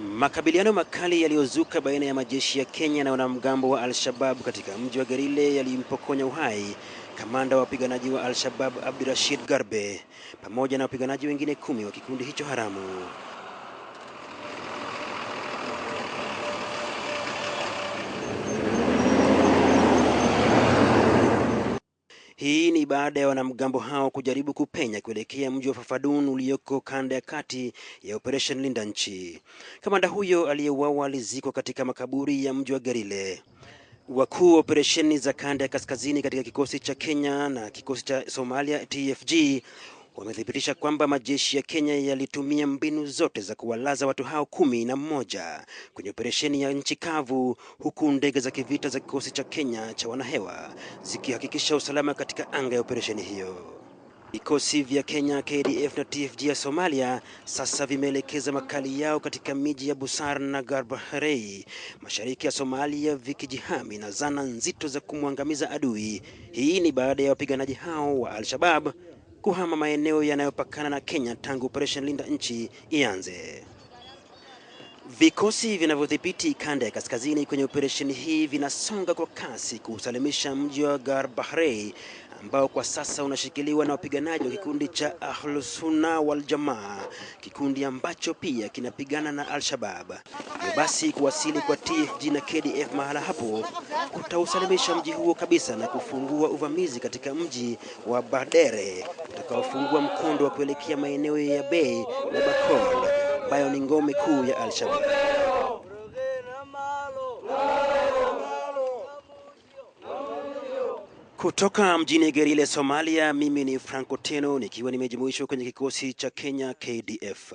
Makabiliano makali yaliyozuka baina ya majeshi ya Kenya na wanamgambo wa Al-Shabab katika mji wa Gerile yalimpokonya uhai kamanda wa wapiganaji wa Al-Shabab Abdirashid Garbe pamoja na wapiganaji wengine kumi wa kikundi hicho haramu. Hii ni baada ya wanamgambo hao kujaribu kupenya kuelekea mji wa Fafadun ulioko kanda ya kati ya Operation Linda Nchi. Kamanda huyo aliyeuawa alizikwa katika makaburi ya mji wa Gerile. Wakuu wa operesheni za kanda ya kaskazini katika kikosi cha Kenya na kikosi cha Somalia TFG wamethibitisha kwamba majeshi ya Kenya yalitumia mbinu zote za kuwalaza watu hao kumi na mmoja kwenye operesheni ya nchi kavu, huku ndege za kivita za kikosi cha Kenya cha wanahewa zikihakikisha usalama katika anga ya operesheni hiyo. Vikosi vya Kenya KDF na TFG ya Somalia sasa vimeelekeza makali yao katika miji ya Busar na Garbaharei mashariki ya Somalia, vikijihami na zana nzito za kumwangamiza adui. Hii ni baada ya wapiganaji hao wa Al-Shabab kuhama maeneo yanayopakana na Kenya tangu Operation Linda Nchi ianze. Vikosi vinavyodhibiti kanda ya kaskazini kwenye operesheni hii vinasonga kwa kasi kuusalimisha mji wa Garbahrei ambao kwa sasa unashikiliwa na wapiganaji wa kikundi cha Ahlusunna wal Jamaa, kikundi ambacho pia kinapigana na Al-Shabab. Hivyo basi kuwasili kwa TFG na KDF mahala hapo kutausalimisha mji huo kabisa na kufungua uvamizi katika mji wa Badere wakawafungua mkondo wa kuelekea maeneo ya Bay na Bakol ambayo ni ngome kuu ya Al-Shabaab. Kutoka mjini Gerile, Somalia, mimi ni Franco Teno nikiwa nimejumuishwa kwenye kikosi cha Kenya KDF.